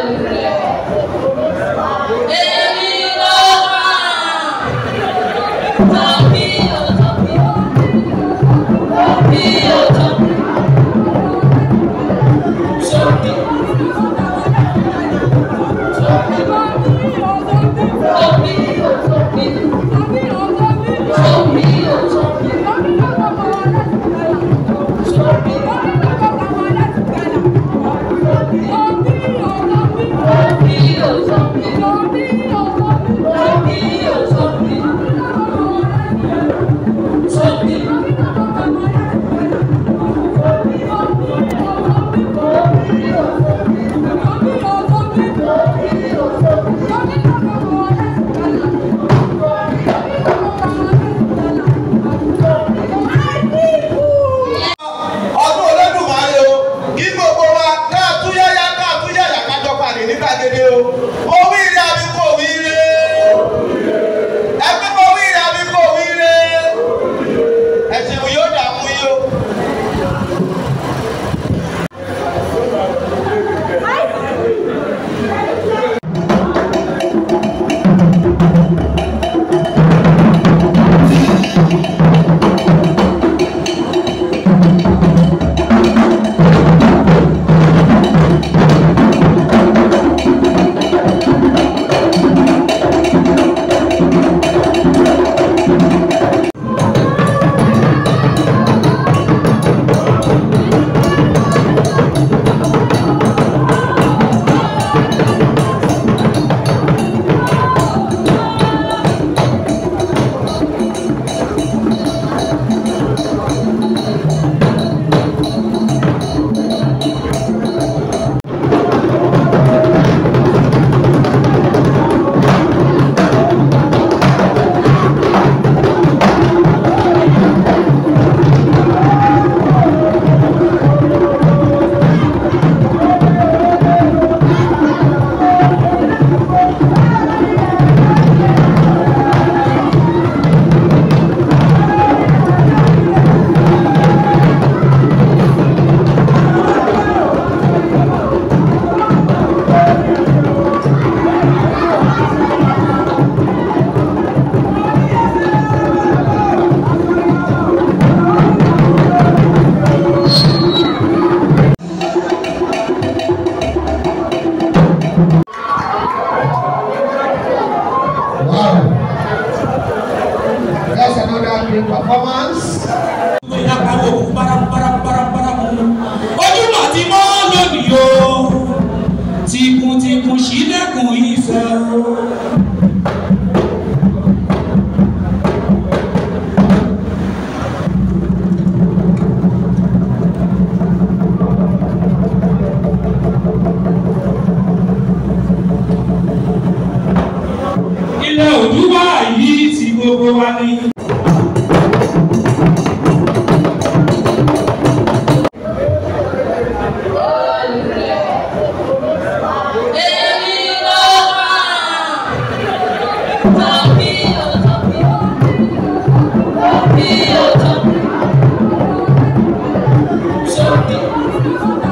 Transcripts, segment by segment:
Hallelujah. gbogbo wa ní. Thank you.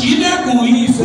Tira com isso.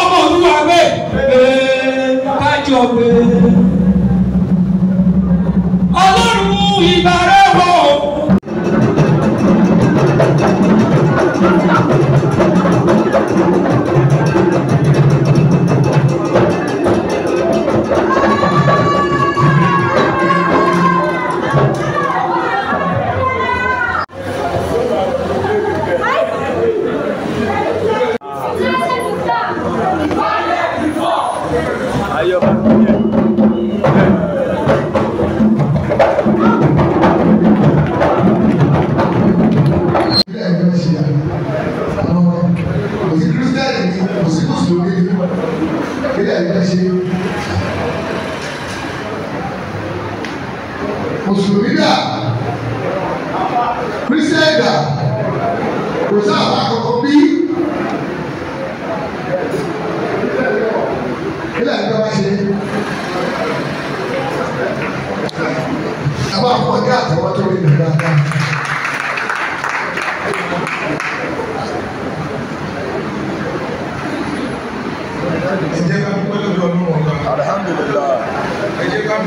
ọmọ olúwa gbé kájọ gbé. mùsùlùmí dà kristian dà kò sí àwọn àkọ́kọ́ bí ilẹ̀ ẹ̀ka wá ṣe àwọn àkọ́kọ́ dé àtọwọ́ tó rí nígbà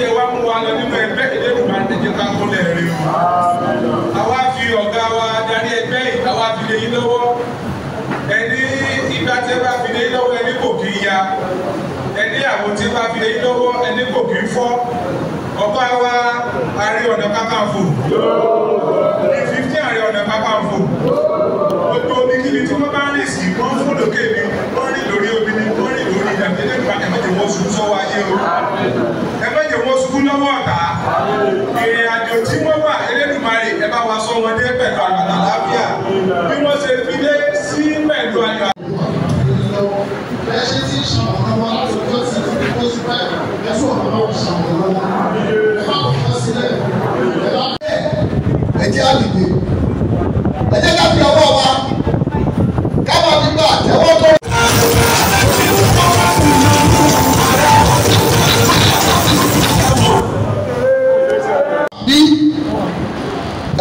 tí ẹ wá mú wa lọ nínú ẹgbẹ́ ìlérò máa tẹ̀jẹ́ ká kúnlẹ̀ rẹ̀ o. àwa fi ọ̀gá wa darí ẹgbẹ́ yìí àwa fi lè yín lọ́wọ́ ẹni ìgbà tí ẹ bá fi lè yín lọ́wọ́ ẹni kò kì í ya ẹni àwọn tí ẹ bá fi lè yín lọ́wọ́ ẹni kò kì í fọ́ ọba wa Ààrẹ Ọ̀nà Kakanfò ní fífí Ààrẹ Ọ̀nà Kakanfò gbogbo omi kíbi tí wọ́n bá rìn sí wọ́n fún lókè mi rìn lórí omi ni rìn lórí ìdàgbẹ́lẹ́gbà ẹ̀mẹ́tẹ̀wọ́sùn sọ́wọ́ ayé o lọ́wọ́ ọ̀tá ìrìn àjò tí wọ́n wà Elédùmarè ẹ bá wa sọ wọn dé pẹ̀lú àgbàdo àlàáfíà bí wọ́n ṣe fi dé sí pẹ̀lú àjọ. ẹ ṣe tí ìṣàmọ̀nà wa lójó sí kó sí báyìí ẹ fún ọ̀nà náà ìṣàmọ̀nà wa ẹ má kọ́ sílẹ̀ ẹ bá bẹ́ẹ̀ ẹ jẹ́ àgbègbè ẹ jẹ́ ká fi ọwọ́.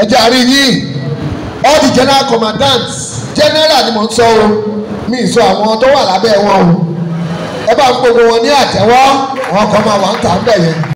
ẹ jẹ́ àárín yìí all the general commandants general ni mò ń sọ o mi ì sọ àwọn tó wà lábẹ́ wọn o ẹ bá ń gbogbo wọn ní àtẹ́wọ́ àwọn kan máa wà ń tà ń bẹ̀ yẹn.